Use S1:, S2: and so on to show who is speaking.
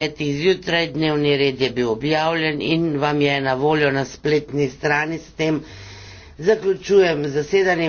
S1: petih zjutraj, dnevni red je bil objavljen in vam je na voljo na spletni strani s tem. Zaključujem zasedanje.